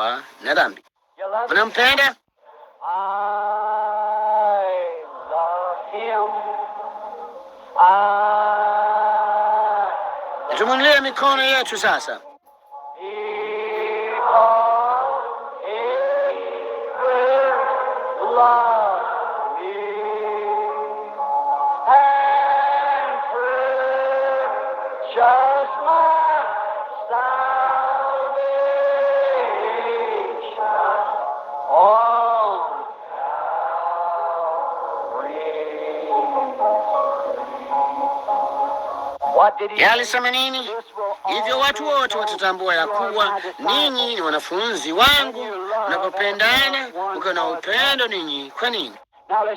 alikuwa na dhambi. Unampenda? Tumwinulie mikono yetu sasa. Just my side. alisema nini? Hivyo watu wote watatambua ya kuwa ninyi ni wanafunzi wangu mnapopendana, ukiwa na upendo ninyi kwa ninyi.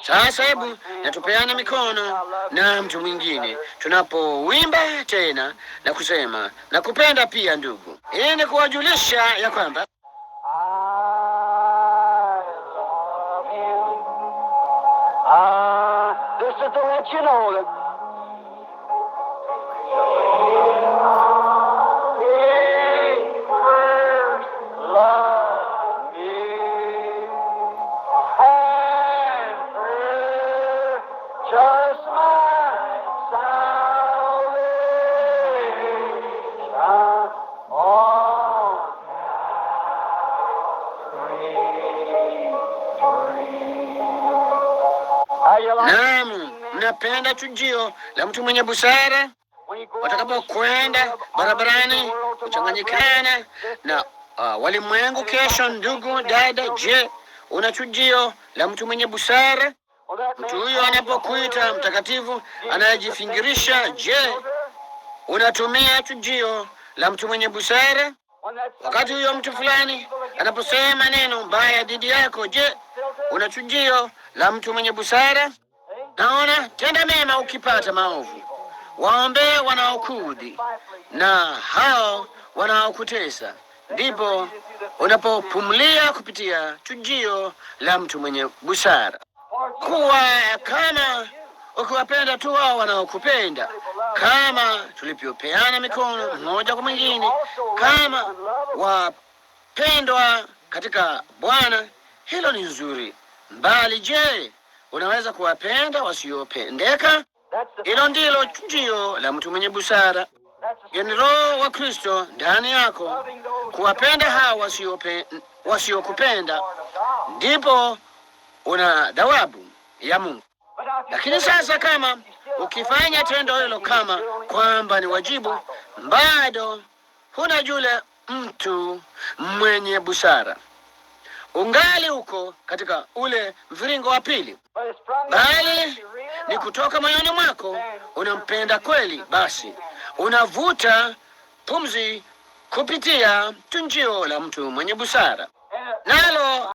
Sasa hebu natupeana mikono na mtu mwingine tunapowimba tena na kusema nakupenda pia ndugu. Hii ni kuwajulisha ya kwamba I love you. I, ah, this is to let you know that Naam, mnapenda chujio la mtu mwenye busara. Watakapokwenda barabarani kuchanganyikana na uh, walimwengu kesho. Ndugu dada, je, una chujio la mtu mwenye busara? Mtu huyo anapokuita mtakatifu anayejifingirisha, je, unatumia chujio la mtu mwenye busara? Wakati huyo mtu fulani anaposema neno mbaya dhidi yako, je, una chujio la mtu mwenye busara. Naona tenda mema ukipata maovu, waombee wanaokudhi na hao wanaokutesa, ndipo unapopumlia kupitia tujio la mtu mwenye busara. Kuwa kama ukiwapenda tu wao wanaokupenda, kama tulivyopeana mikono mmoja kwa mwingine, kama wapendwa katika Bwana, hilo ni nzuri mbali je, unaweza kuwapenda wasiopendeka? Hilo ndilo chujio la mtu mwenye busara. Yani Roho wa Kristo ndani yako, kuwapenda hawa wasiokupenda, ndipo una dhawabu ya Mungu. Lakini sasa kama ukifanya tendo hilo kama kwamba ni wajibu, bado huna yule mtu mwenye busara ungali huko katika ule mviringo wa pili, bali ni kutoka moyoni mwako unampenda kweli, basi unavuta pumzi kupitia tunjio la mtu mwenye busara nalo